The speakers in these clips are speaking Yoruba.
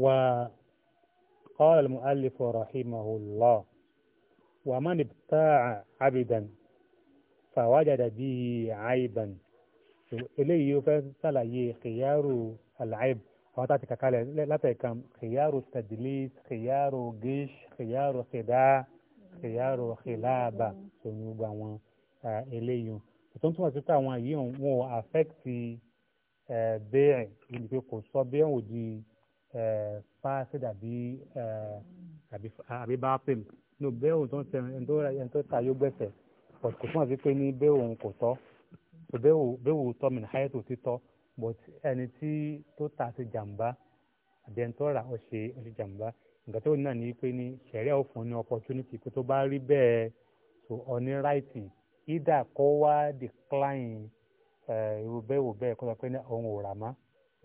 وقال المؤلف رحمه الله ومن ابتاع عبدا فوجد به عيبا eléyìí ó fẹ́ ṣàlàyé kìyàrú àlàyé àwọn tá a ti kàkà lẹ̀ látẹ̀kan kìyàrú tadlis kìyàrú gish kìyàrú khida kìyàrú khilaba sọ̀rọ̀ gbogbo àwọn eléyìí ètò tó wà sí pé àwọn yìí wọn ò àfẹ́kìtì bẹ́ẹ̀ ìdìbò kò sọ bẹ́ẹ̀ ò di. Eh, fásid àbí eh, àbí bápìm ní bẹ́ẹ̀ òun tó ń tẹ̀wé ẹni tó ta yóò gbẹ̀sẹ̀ but kò fún àti pé ní bẹ́ẹ̀ òun kò tọ́ bẹ́ẹ̀ òun tọ́ mìíràn ayé tó ti tọ́ but ẹni tí tó ta ti jàǹbá àbí ẹni tó rà ó ṣe ó ṣe jàǹbá nǹkan tó náà ní pé ní ṣẹ̀rẹ́ òfin ní opportunity kó tó bá rí bẹ́ẹ̀ so ọ̀ní ráìtì ìdá kó wá decline eh, irú bẹ́ẹ̀ wò bẹ́ẹ̀ kó sọ pé ní òun ò rà mọ́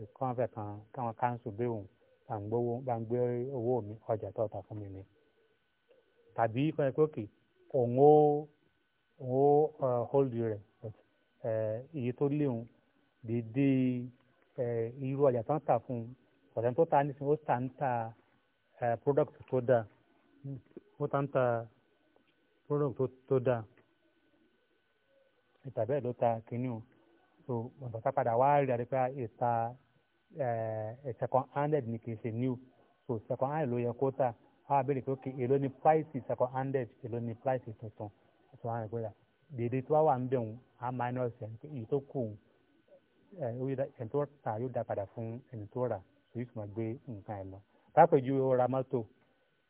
ìkànnì kan káwọn káńsù bẹ́ẹ̀ òun bá ń gbówó bá ń gbé owó mi ọjà tó ta fún mi ni tàbí kọ́ni pé òkè òun ó òun ó hold rẹ̀ iye tó léwu dédé irú ọjà tó ń tà fún un ọjà tó ta nísìnyí ó tà ń ta product tó dáa ó tà ń ta product tó dáa ìtàbẹ́ẹ̀ ló ta kínní o so ọ̀dọ̀ ká padà wá rí àdé pé ìta Eh, second handed ni kìí ṣe new so second handed ló yẹ kó tà á béèrè pé ókè èló ni price second handed èló ni price tuntun second handed gbọ́dọ̀ dèdè tó wà ń bẹ̀ wọ́n á minus èyí tó kù ẹni tó tà yóò dá padà fún ẹni tó rà èyí tó máa gbé nǹkan ẹ̀ lọ tápẹ̀jú ra mọ́tò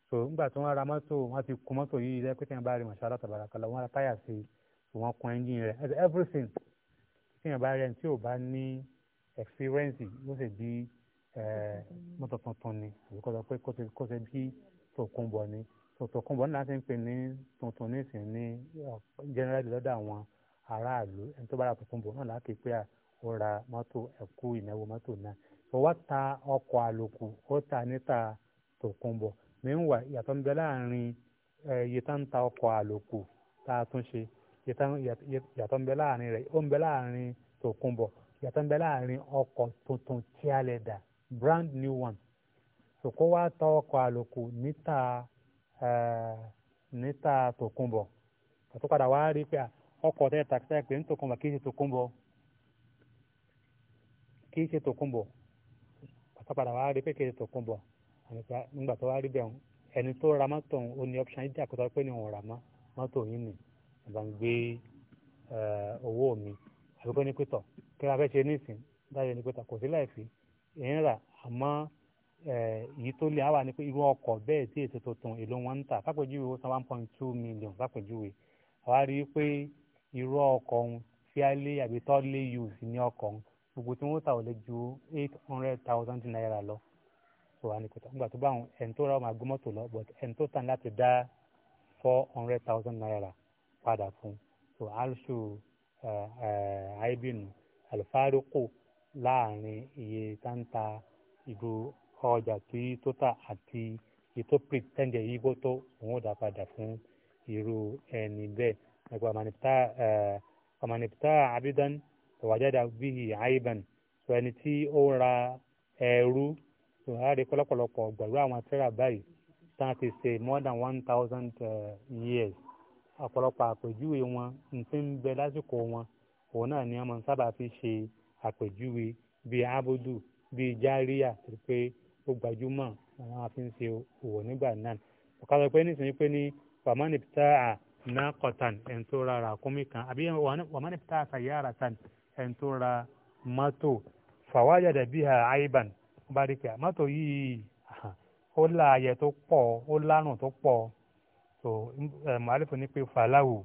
so nígbà tí wọ́n ra mọ́tò wọ́n ti kun mọ́tò yìí rẹ pé kí n bá rí màṣá látàbàrà kalẹ̀ wọ́n ra táyà sí i wọ́n kun everything kí n bá rẹ̀ tí ò bá experience yóò ṣe bí mọ́tò tuntun ni àbíkọ́ sọ pé kó bí tòkunbọ̀ ni tòkunbọ̀ náà ti ń pè ní tuntun nísìnyí ní generally lọ́dọ̀ àwọn aráàlú ẹni tó bá ra tòkunbọ̀ náà láti pé ó ra mọ́tò ẹ̀kú ìnáwó mọ́tò náà tó wá ta ọkọ̀ àlòkù ó ta níta tòkunbọ̀ mìíràn ìyàtọ̀ ń bẹ láàrin iye tá ń ta ọkọ̀ àlòkù tá a tún ṣe ìyàtọ̀ ń bẹ láàrin rẹ̀ ó ń bẹ láàrin tòkunbọ̀ yàtọ̀ ń ọkọ tuntun tí a lè dà brand new one sòkó wa tọ ọkọ àlòkù níta eh, níta tòkunbọ̀ tó padà rí pé ọkọ̀ tẹ́ tàkítà pé ń kì í ṣe tòkunbọ̀ kì í ṣe tòkunbọ̀ tó padà rí pé kì í ṣe nígbà tó rí bẹ́ẹ̀ ẹni tó ra mọ́tò pé òun mọ́tò yìí àbíkó ní pẹ́tọ̀ kí la fẹ́ ṣe nísìn dájọ́ ní pẹ́tọ̀ kò sí láìfi èyí rà àmọ́ èyí tó lé àwa ni pé irú ọkọ̀ bẹ́ẹ̀ tí èso tuntun èlò wọn ń tà fàpèjúwe ó san one point two million fàpèjúwe àwa rí i pé irú ọkọ̀ ń fíálé àbí tọ́lé use ní ọkọ̀ ń gbogbo tí wọ́n tà ò lè ju eight hundred thousand naira lọ so wà ní pẹ́tọ̀ nígbà tó bá àwọn ẹni tó ra ọmọ agbọ́mọ́tò lọ but ẹni tó tàn láti dá four hundred thousand naira padà fún so alṣù àìbìnú àlùfáàríkù láàrin iye táǹtà ìlú ọjà tí tó tà àti ètò pìtẹ́ǹdẹ̀ yìí bó tó òun ò dá padà fún irú ẹni bẹ́ẹ̀ nípa ọmọnìpítà abidan tọwájáde bíi àìbàn sọ ẹni tí ó ra ẹrú tòhárì pọlọpọlọpọ gbàgbé àwọn tẹ́lá báyìí tá a ti ṣe more than one thousand years ọ̀pọ̀lọpọ̀ àpèjúwe wọn ntí ń bẹ lásìkò wọn òun náà ni wọn sábà fi ṣe àpèjúwe bíi abudu bíi járíà pé ó gbajúmọ̀ àwọn afi ń ṣe òwò nígbà náà ọ̀ka sọ pé nísìnyí pé ní wàmánì pítà à náà kọ̀tàn ẹ̀ ń tó ra ràkúnmí kan àbí wàmánì pítà à tàn ẹ̀ ra mọ́tò fàwájàdà bí i àìbàn bá rí pé mọ́tò yìí ó láàyè tó pọ̀ ó lárùn tó pọ̀ so mu'alifu ni pé fàlàwù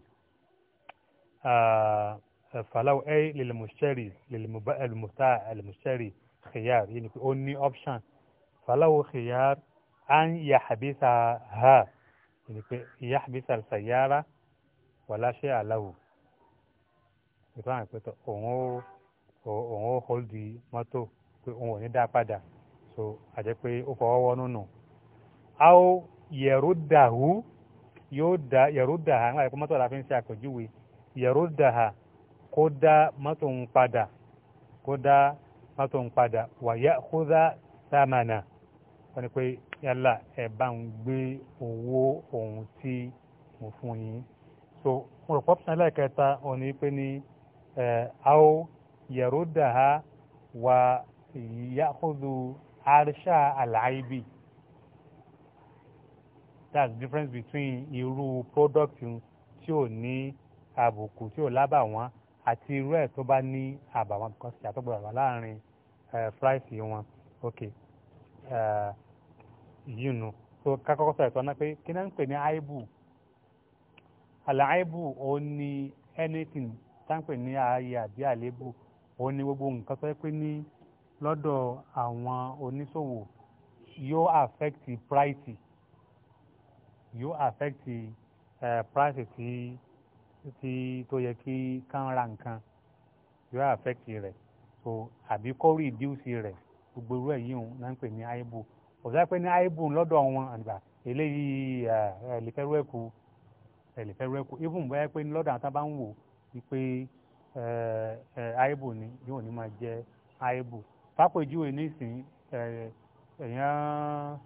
fàlàwù ẹ lèlèmùsẹ́rì lèlèmùsá lèlèmùsẹ́rì khiyar yìí ni pé ó ní option fàlàwù khiyar an yàhàbísà ha yìí ni pé yàhàbísà sàyàrà wàláṣẹ́ àlàwù ìfọ̀hàn pé òun ó òun ó holdi mọ́tò pé òun ò ní dá so àjẹ́ pé ó fọwọ́ wọ́nú nù. a ó yẹ̀rú yóò da yẹ̀rúdà ha ńlá ẹ̀kọ́ mọ́tò la fi ń ṣe àpèjúwe yẹ̀rúdà ha kó dá mọ́tò ń padà kó dá mọ́tò ń padà wàyà kódà sàmànà wọ́n ní pé yálà ẹ̀ bá ń gbé owó ohun tí mo fún yín so mo rò pọ́pùsàn lẹ́ẹ̀kẹta òun ni pé ní ẹ̀ áó yẹ̀rúdà ha wà yàkúdù àrṣà àlàyébì that's the difference between irú product tí ò ní àbùkù tí ò lábàwọ́n àti irú ẹ̀ tó bá ní àbàwọ́n because ìyàtọ̀ gbọ́dọ̀ wà láàrin eh, price wọn ok eh, yìí nù so kákọ́kọ́ sọ̀rọ̀ tó ná pé kí náà ń pè ní aibu àlàáìbù ò ní anything táǹpẹ̀ ní ààyè àbí àléébù ò ní gbogbo nǹkan tó yẹ pé ní lọ́dọ̀ àwọn oníṣòwò yóò affect price yóò affect eh, price tí tí tó yẹ kí kán ra nǹkan yóò affect rẹ̀ so àbí kó reduce rẹ̀ gbogbo irú ẹ̀ yìí náà ń pè ní aibu ọ̀sán pé ní aibu lọ́dọ̀ wọn àgbà eléyìí ẹ̀lẹ́fẹ́rú ẹ̀kú ẹ̀lẹ́fẹ́rú ẹ̀kú even bóyá pé ní lọ́dọ̀ àwọn tábà ń wò wípé aibu ni yóò ní máa jẹ́ aibu fápèjúwe nísìnyí èèyàn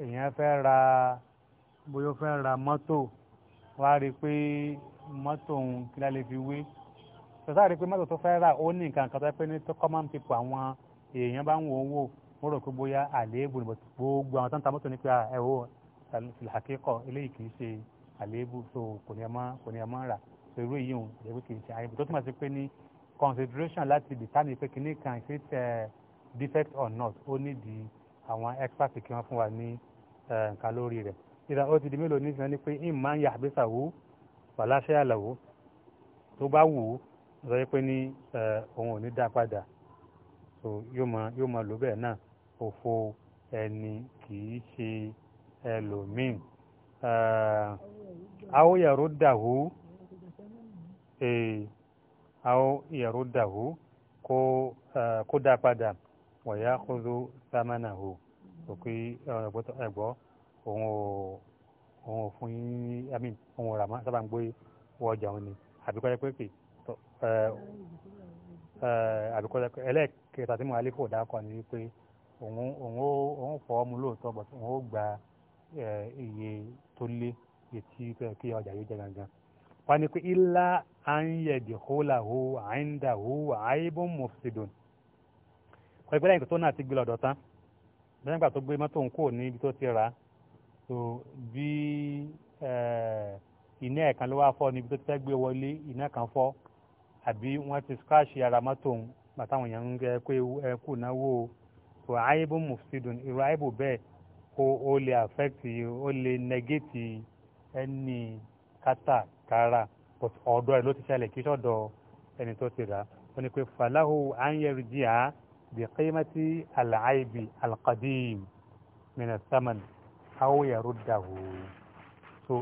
èèyàn fẹ́ ra bóyá ó fẹ́ ra mọ́tò wá rí i pé mọ́tò òun kí lálẹ́ fi wé sọ́sá rí i pé mọ́tò tó fẹ́ rà ó ní nǹkan kan tó pé ní tó common people àwọn èèyàn bá ń wò ó wò ó rò pé bóyá àléébù ni gbogbo àwọn tó ń ta mọ́tò ní pé ẹ̀ wò àkíkọ̀ eléyìí kì í ṣe àléébù so kò ní ẹ mọ́ kò ní ẹ mọ́ rà so irú èyí òun kò ní kì í ṣe àyẹ̀bù tó túmọ̀ sí pé ní consideration láti determine pé kìíní kan if it's uh, eh, defect or not ó nídìí àwọn expert kí wọ́n fún wa ní eh, nǹkan lórí rẹ̀ ìdá ó ti di mélòó ní sinmi pé ń máa ń yà àbísà wò wàláṣẹ́ àlàwò tó bá wù ú sọ pé ní òun ò ní dá padà so yóò máa yóò máa lò bẹ́ẹ̀ náà òfo ẹni kì í ṣe ẹlòmíì àwọn yàrá dàwó àwọn yàrá dàwó kó kó dá padà wọ̀nyá kó ló sámánà hù òkè ẹ̀gbọ́ òun ò òun ò fún yín ní àmì òun ò rà mọ́ sábà ń ọjà òun ni àbíkọ́ jẹ́ pé pè àbíkọ́ jẹ́ pé ẹlẹ́ẹ̀kẹta tí mo alẹ́ fò dákọ̀ ni wípé òun òun ó òun fọ́ ọmú lóòótọ́ bọ̀ òun ó gba iye tó lé iye tí kí ọjà yóò jẹ gangan wọ́n ní pé ilá àńyẹ̀dì hóláhó àńdàhó àìbó mọ̀fìsìdòn pẹ̀lú ìgbẹ́lẹ́yìn tó náà ti gbé lọ́dọ̀ tán lẹ́yìn ìgbà tó gbé mọ́tò ń kò ní ibi tó ti rà á so bí eh, iná ẹ̀kan ló wá fọ́ níbi tó tẹ́ gbé wọlé iná kan fọ́ àbí wọ́n ti scratch ara mọ́tò ń bàtàwọn èèyàn ń gẹ pé ẹ kù náwó o so àìbù mufsidun irú àìbù bẹ́ẹ̀ o o lè affect o lè negate ẹni kátàkárà but ọ̀dọ́ ẹ̀ ló ti ṣẹlẹ̀ kí sọ́dọ̀ ẹni tó ti rà wọ́n ní pé falahu anyẹrù díà bí kéémàtì àlàáìbì alqadim mìnà sámánì awo yàrá dà wò so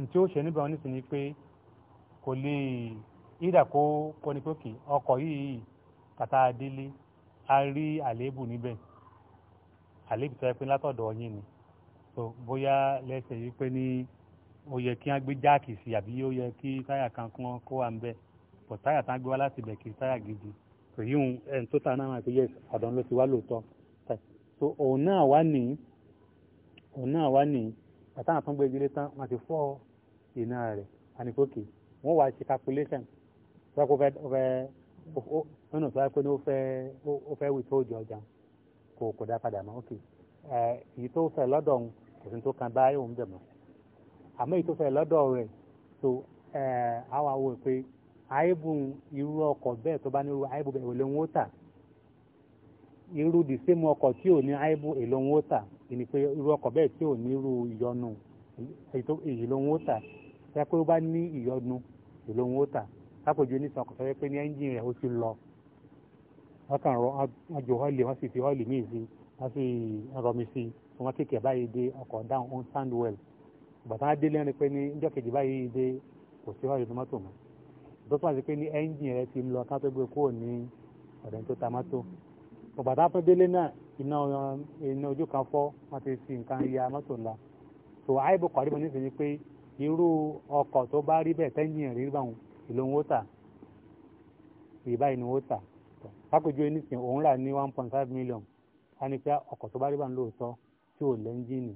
ntí ó ṣe níbẹ̀ wọn nísìnyí pé kò lè ìdà kó pọnipókì ọkọ̀ yìí kàtà délé a rí àléébù níbẹ̀ àléébù tó yẹ pé látọ̀dọ̀ yín ni so bóyá lẹ́sẹ̀ yìí pé ní ó yẹ kí wọ́n gbé jáàkì sí àbí ó yẹ kí táyà kan kún kó wà ń bẹ̀ pọ̀ táyà tán gbé wá láti bẹ̀ kì táyà gidi kò ń tó ta náà àti yẹ ọ̀dọ́ ló ti wá lóòótọ́ so òun náà wá nìyí òun náà wá ní bàtà àtàn gbé ìdílé tán wọn ti fọ́ iná rẹ̀ àníkókè wọ́n wá ṣe calculation sọ pé ó fẹ́ nínú sọ pé ó fẹ́ ó fẹ́ wí tó jọ ọjà kò kò dá padà mọ́ ok èyí tó fẹ́ lọ́dọ̀ òun kò sí tó kan báyìí òun bẹ̀ mọ́ àmọ́ èyí tó fẹ́ lọ́dọ̀ rẹ̀ so àwọn àwọn òpè àìbùn irú ọkọ̀ bẹ́ẹ̀ tó bá ní irú àìbùn bẹ́ẹ̀ òun ló ń wó tà irú the same ọkọ̀ tí ò ní àìbùn èlò ń wó tà ìní pé irú ọkọ̀ bẹ́ẹ̀ tí ò ní irú ìyọnu èyí ló ń wó tà ya pé ó bá ní ìyọnu èyí ló ń wó tà lápòjú oníṣàn kò sọ pé ní ẹ́ńjìn rẹ̀ ó ti lọ wọ́n kàn rọ àjò ọ́ìlì wọ́n sì fi ọ́ìlì míì sí wọ́n sì rọmi sí wọ́n kéèké báyìí dé ọkọ̀ down on sand well bàtà á dé lẹ́rìn pé ní ìjọ́ kejì báyìí dé kò sí ọ́ìlì tomato mọ́ tó fà pé ní ẹ́ńjìn rẹ̀ ti lọ ká ọ̀bàtà tó délé náà iná iná ojú kan fọ́ wọ́n ti fi nǹkan ya mọ́tò ńlá tó àìbò kọ̀ọ̀dé mọ́ nísìnyí pé irú ọkọ̀ tó bá rí bẹ́ẹ̀ tẹ́yìn rí bá wọn ìlò wọn ó tà ìbá ìní wọn ó tà pákòjú onísìn òun rà ní one point five million a ní pé ọkọ̀ tó bá rí bá ń lóòótọ́ tí ò lẹ́ńjìnì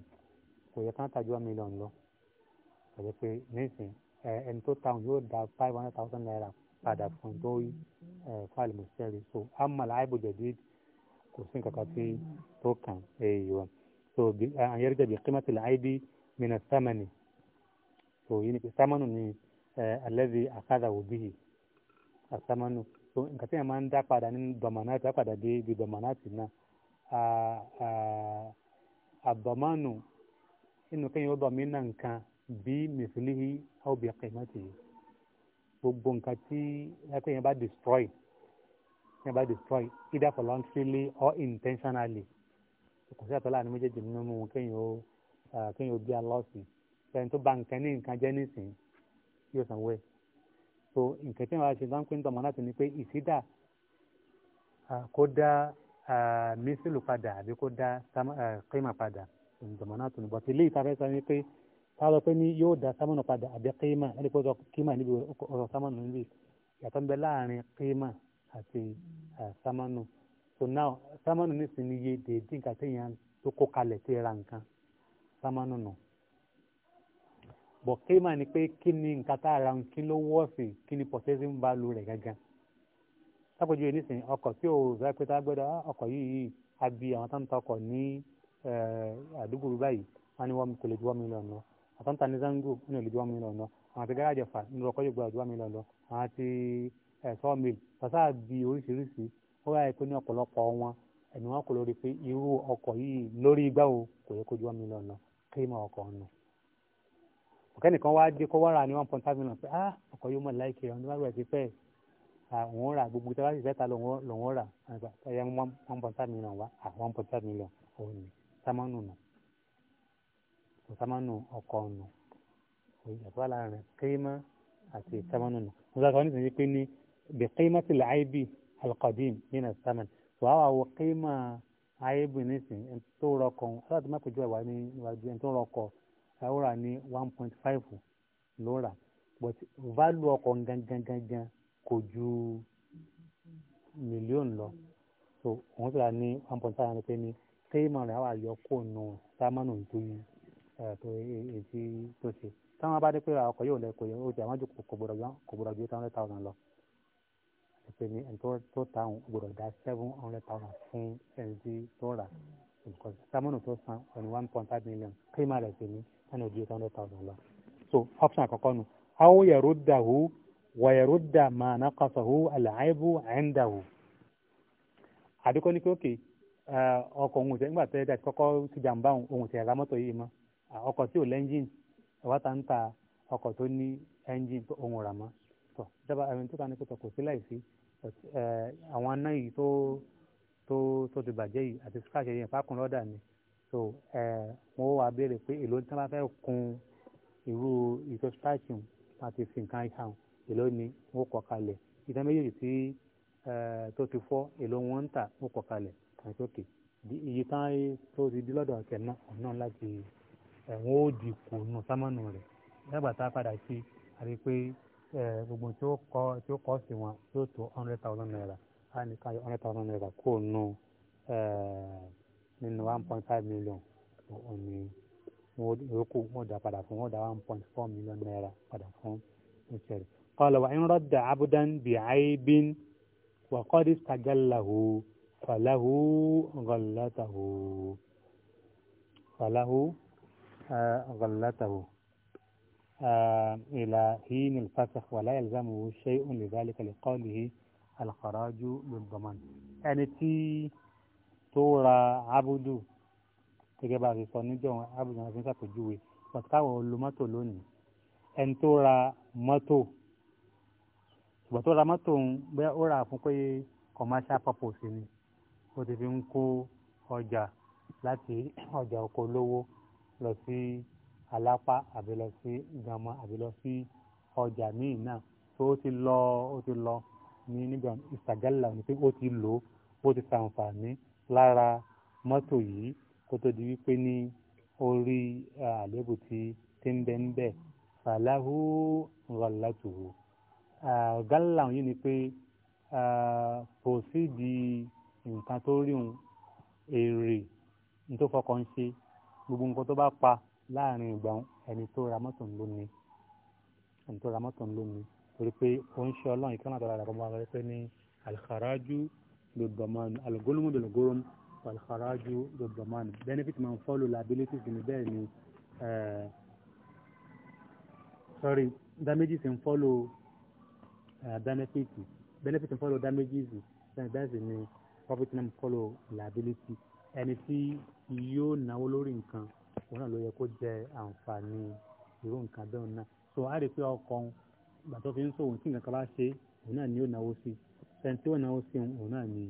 kò yẹ kán tàjú one million lọ kò yẹ pé nísìn ẹni tó ta òun yóò da five hundred thousand naira padà fún tó fáìlì mọ̀ṣẹ́rì so amala àìbò jẹ̀dí kò sí nǹkan kan tí tó kàn ẹ̀yọ́ so àyẹ̀rẹ́jẹ̀ bí kímọ́tì láìbí mìíràn sámánì so yìí ni pé sámánù ni alẹ́bí àkàdà òbí yìí àsámánù so nǹkan tí yẹn máa ń dá padà nínú dọ̀mọ̀nàtì àpàdà dé ibi dọ̀mọ̀nàtì náà àbọ̀mánù inú kẹ́yìn ó dọ̀mí náà nǹkan bí mìsìlíhì àwọn obìnrin kẹ́yìn destroy never destroy either voluntarily or intentionally kò sí àtọ́lá ní méjèèjì nínú mú un kéèyàn ó kéèyàn ó bí alọ́ọ̀sì ẹni tó ba nǹkan ní nǹkan jẹ́ nísìn yóò sanwó ẹ̀ so nǹkan tí wọn bá ṣe bá ń pín tọmọ láti ní pé ìsídà kó dá mísìlù padà àbí kó dá kéèmà padà tọmọ náà tó ní bọ́tí ilé ìtafẹ́ sọ ni pé táwọn pé ní yóò dá sámọ̀nù padà àbí kéèmà ẹni pé ó sọ kéèmà níbi ọ̀rọ̀ sámọ̀nù níbi ìyàtọ̀ ń bẹ láàrin kéèmà àti sámánù so now sámánù nísìnyí iye dèédé nǹkan téèyàn tó kó kalẹ̀ tí ra nǹkan sámánù nù bọ̀ kéèmà ni pé kí ni nǹkan tá a ra kí ló wọ́ọ̀sì kí ni purchasing value rẹ̀ gangan sápòjú nísìnyí ọkọ̀ tí ò rẹ́ pé tá a gbọ́dọ̀ ah, ọkọ̀ yìí àbí àwọn tó ń ta ọkọ̀ ní àdúgbò báyìí wọn ni wọn kò lè ju one million lọ àtọ́ntà ní zango wọn ò lè ju one million lọ àwọn àti gáràjì ọ̀fà ní ọkọ̀ yóò gba ju one million lọ àwọn àti sawmill pàṣẹ àbí oríṣiríṣi ó wáyé pé ní ọ̀pọ̀lọpọ̀ wọn ẹ̀mí wọn kò lórí pé irú ọkọ̀ yìí lórí igbá wo kò yẹ kó ju one million lọ kí mọ ọkọ̀ nù. ọ̀kẹ́nìkan wá dé kó wára ní one point five million pé ah ọkọ̀ yóò mọ̀ láìkè ọ̀hún nígbà tí pẹ́ àwọn rà gbogbo tí wọ́n ti fẹ́ta lòun rà ẹ̀yà one point five million wá one point five million òun ni sámánù nù sámánù ọkọ̀ nù ìyàtọ̀ láàrin kéémà àti sámánù nù. mo sọ بقيمة العيب القديم من الثمن وهو قيمة عيب نسي أن تورقون هذا ما كجوا واني واجي أن تورقون أورا ني 1.5 لورا but value ọkàn gangan gangan kò ju mílíọ̀nù lọ so òun ti ra ní one point five hundred ní kéèmọ̀ rẹ̀ wà yọ kó nu sámánù tó yí tó èsì tó ṣe táwọn bá dé pé ọkọ̀ yóò lẹ kò yẹ ó ti àwọn jù kò gbọdọ̀ ju eight hundred thousand lọ pé ní ẹni tó ta àwọn gbọdọ̀ dá seven hundred thousand fún ẹni tí tó rà nǹkan sámúnù tó san ọ̀nì one point five million kírímà rẹ̀ sì ní ẹni ojú eight hundred thousand lọ. so option àkọ́kọ́ nu awo yẹ̀rọ dàhú wọ̀yẹ̀rọ dà máa ná kọsọ̀hú àlàáìbù àìndàhú. àdúgbò ní kí ó kè ọkọ̀ ohun ìṣẹ́ nígbà tẹ́lẹ̀ kọ́kọ́ ti jàǹbá ohun ìṣẹ́ ra mọ́tò yìí mọ́ ọkọ̀ tí ò lẹ́ńjìn ẹ̀wá ta ń ta ọkọ̀ tó ní ẹ́ńjìn ohun rà mọ́ tọ́ ìjọba ẹ̀mí tó kàn ní kò tọ̀ kò sí láì sí Eh, àwọn aná yìí tó tó tó ti bàjẹ́ yìí àti scratch yẹn fákùn lọ́dà ni so mo eh, wá béèrè pé èló tí wọ́n fẹ́ kun irú ìtọ́ scratch wọn àti fi nǹkan hàn èló ni wọ́n kọ̀ kalẹ̀ ìtọ́ méjèèjì tí eh, tó ti fọ́ èló wọn ń tà wọ́n kọ̀ kalẹ̀ àti òkè iye tán tó ti di lọ́dọ̀ ọ̀kẹ́ náà ọ̀nà láti wọ́n ó di kùnú sámánù rẹ̀ nígbà tá a padà sí àti pé. Eh, gbogbo tí ó kọ tí ó kọ sí wọn yóò tó hundred thousand naira a nìkan yọ hundred thousand naira kó nù eh, nínú one point five million òní yòókù wọn dà padà fún wọn dà one point four million naira padà fún ìṣẹ̀lẹ̀. قال وإن رد عبدا بعيب وقد استجله فله غلته فله غلته إلى حين الفسخ ولا يلزمه شيء لذلك لقوله الخراج للضمان ẹni tí tó ra abudu gẹ́gẹ́ bá a ti sọ níjọ́ abudu náà fi ń ṣàpèjúwe pàtó káwọn lo mọ́tò lónìí ẹni tó ra mọ́tò ṣùgbọ́n tó ra mọ́tò ń bẹ́ ó rà fún pé commercial purpose ni ó ti fi ń kó ọjà láti ọjà oko lówó lọ sí. Si, alápá àbí lọ sí gàmọ àbí lọ sí ọjà míì náà tó o ti lọ o ti lọ ní nígbà ìsàgálà ní pé o ti lò ó ti sàǹfààní lára mọ́tò yìí kó tó di wípé ní orí àléébù tí ti ń bẹ ń bẹ fàlàhù rọlátùhù gálà yìí ni pé kò sí di nǹkan tó rí òun èrè ní tó fọkàn ṣe gbogbo nǹkan tó bá pa láàrin ìgbà ẹni tó ra mọ́tò ńlọ ni ẹni tó ra mọ́tò ńlọ ni torí pé ó ń ṣe ọlọ́run ìkànnà àtàlà rẹ̀ kọ́ máa rẹ̀ pé ní alìkàrájú lòdọ̀mọ́n alìgólúmù lòdọ̀góròm alìkàrájú lòdọ̀mọ́n benefit máa ń follow liabilities ni bẹ́ẹ̀ ni eh, sorry damages ń follow eh, benefits benefit ń follow damages bẹ́ẹ̀ sì ni profit náà ń follow liability ẹni tí yóò náwó lórí nǹkan òun náà ló yẹ kó jẹ àǹfààní irú nǹkan bẹ́ẹ̀ náà so a rí i pé ọkọ ìgbà tó fi ń sòwò tí nǹkan bá ṣe òun náà ni yóò náwó sí ẹni tí ó náwó sí òun náà ni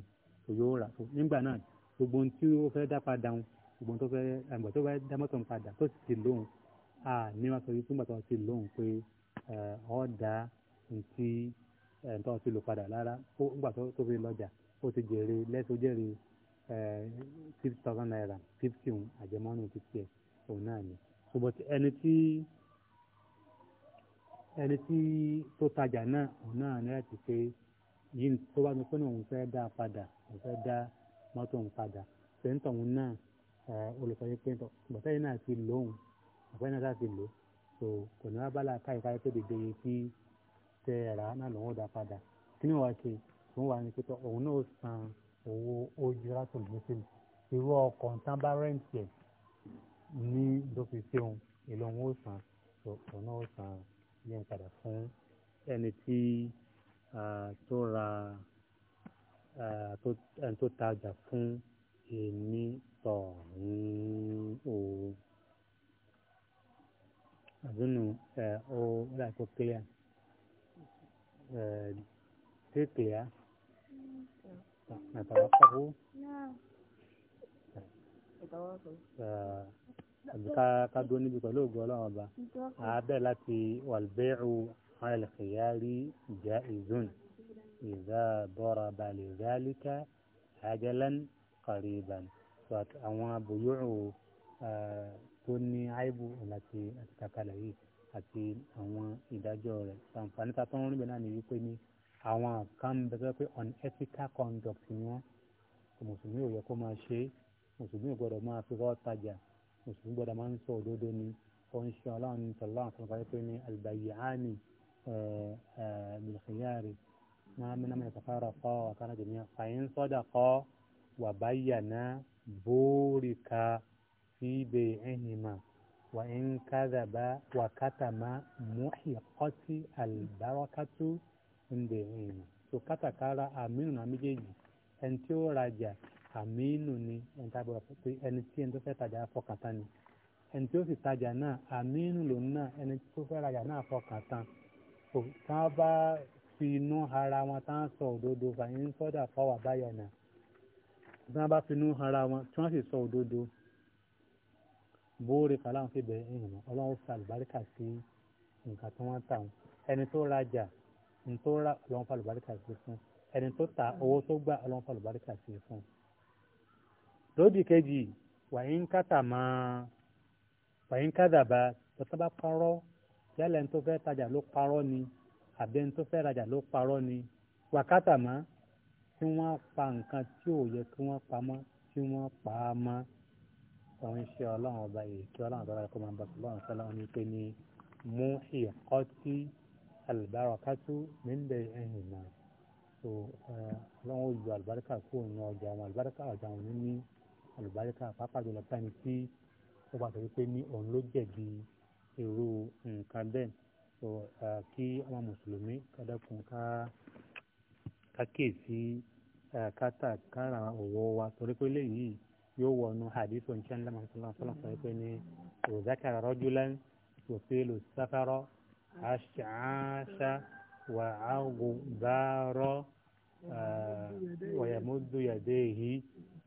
yóò rà so nígbà náà gbogbo ohun tí ó fẹ́ dá padà ń gbogbo ohun tó fẹ́ àgbà tó fẹ́ dá mọ́tò ń padà tó sì ti lóhùn a ní wọn sọ pé fún bàtà ti lóhùn pé ọ̀ dá ntí ntọ́ ti lò padà lára ó gbà tó fi lọ́jà ó ti jèrè lẹ́sọ̀ jèrè six thousand naira fifty àjẹmọ́nù fifty ẹ̀ òun náà ni ṣùgbọ́n ẹni tí ẹni tí tó tajà náà òun náà ní láti pé yìí tó bá ní pé òun fẹ́ dá a padà òun fẹ́ dá mọ́tò òun padà sẹ́ńtọ̀ òun náà olùsọ̀yìn pé bọ̀tẹ́ yìí náà ti lóhùn àfẹ́ náà láti lò so kò ní wá bá la káyìí káyìí tó dìde yìí tí tẹ ẹ̀rá náà lòun ò dá padà kí ni wàá ṣe òun wà ní pípọ̀ òun náà san owó ojúra tó lè ṣe irú ọkọ̀ ń tán bá rẹ́ǹtì ẹ̀ ní ló fi ṣéun èlò òun ó san òun náà ó san yẹn padà fún ẹni tí tó ra ẹni tó tajà fún èmi tọ̀hún o. àdúnù ẹ ó láìpẹ́ clear ẹ ṣé clear nàtàwọ́ pàbó àbí ká dúró níbi pẹ̀lú ògùn ọlọ́run ọba àádọ́ láti wàlbẹ́ẹ̀rù alẹ́kìyárí ìjà ìzún ìzá bọ́ra balẹ̀ zálíkà àjẹlẹ́n kọ̀rìbàn àwọn abòyúrò tó ní àìbù àti kàkàlẹ̀ yìí àti àwọn ìdájọ́ rẹ̀ sàǹfààní ta tó ń rí bẹ́ẹ̀ náà ni wípé ní àwọn kan bẹ́ẹ̀ pé unethical conduct ni wọ́n mùsùlùmí ò yẹ kó máa ṣe mùsùlùmí ò gbọ́dọ̀ máa fi rọ́ mùsùlùmí gbọ́dọ̀ máa ń sọ òdodo ni ọ̀nṣẹ́ ọlọ́run ní sọ̀rọ̀ láwọn sọ̀rọ̀ pé ní albayyani bilkhiyari máa mi náà mi sàfàrà kọ́ ọ̀kan náà jẹ̀míyà fàyín sọ́dà kọ́ wà báyà náà bórìkà fíbe ẹ̀hìnmá wà ń kádàbá wà kátàmá muhiqati albarakatu ń bẹ̀ ẹ̀hìnmá so kátàkárà àmínú náà méjèèjì ẹni tí ó rajà aminu ni ẹni tá a ẹni tí ẹni tó tajà ni ẹni tí ó sì tajà náà àmínú lòun náà ẹni tó fẹ́ rajà náà fọkàn tán kò tá a bá fi inú ara wọn tá sọ òdodo fàyín sọ́dà fáwà báyà náà tí wọ́n bá fi inú ara wọn tí wọ́n sì sọ òdodo bóore kàláwọn fi bẹ̀rẹ̀ ìrìnà ọlọ́run fi àlùbáríkà sí nǹkan tí ra lódì kejì wàyín kàtà máa wàyín kàdàbà tọ́tà bá parọ́ yálẹ̀ ń tó fẹ́ tajà ló parọ́ ni àbẹ́ ń tó fẹ́ rajà ló parọ́ ni wàkàtà máa tí wọ́n pa nǹkan tí ò yẹ kí wọ́n pa mọ́ tí wọ́n pa á mọ́ àwọn iṣẹ́ ọlọ́run ọba yìí kí ọlọ́run ọba kó máa bá sọ lọ́run sọ́lá wọn ni pé ni mú ìkọ́ tí alùbárakátú nílẹ̀ ẹ̀yìn náà so ọlọ́run ó ju àlùbáríkà kúrò ní ọjà àwọn àlùbáríkà ọjà àwọn ní ní àlùbáríkà pàápàá jùlọ fẹ́ni tí ó bá sọ wípé ní òun ló jẹ̀bi irú nǹkan bẹ́ẹ̀ so kí ọmọ mùsùlùmí kádàkùn ká kíyèsí kátà kára ọ̀wọ́ wa torí pé léyìí yóò wọnú hadith ọ̀nṣẹ́ ńlá màsàlá sọ́lá sọ pé ní òzákàrà rọ́júlán òfèlò sáfárọ́ àṣàṣà wà áwòbárọ́ wàyàmódúyàdéhìí.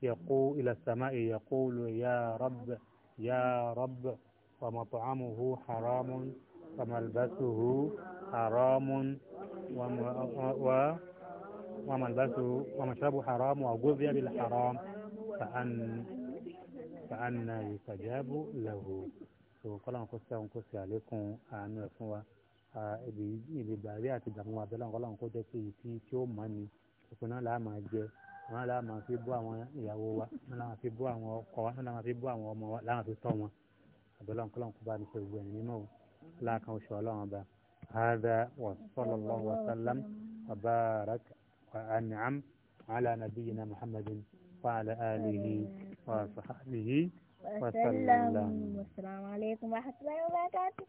يقول إلى السماء يقول يا رب يا رب فمطعمه حرام فملبسه حرام وملبسه ومشربه حرام وغذي بالحرام فأن فأن يستجاب له وقال أن قصة أن قصة عليكم أن يفوى آه، إبي بابي أتدموا أدلان قال أن قصة في تيو ماني وكنا لا ما جي wọn làwọn máa fi bọ́ àwọn ìyàwó wa wọn làwọn fi bọ́ àwọn ọkọ wa wọn làwọn fi bọ́ àwọn ọmọ wa làwọn fi tọ́ wọn àbẹ̀lọ́n kọ́lọ́n kó bá ní ṣe gbogbo ẹ̀ nínú láàkàn oṣù ọlọ́run ọba hada wa sallallahu wa sallam wa barak wa an'am ala nabiyyina muhammadin wa ala alihi wa sahbihi wa sallam. wa wa rahmatulahi wa barakatuh.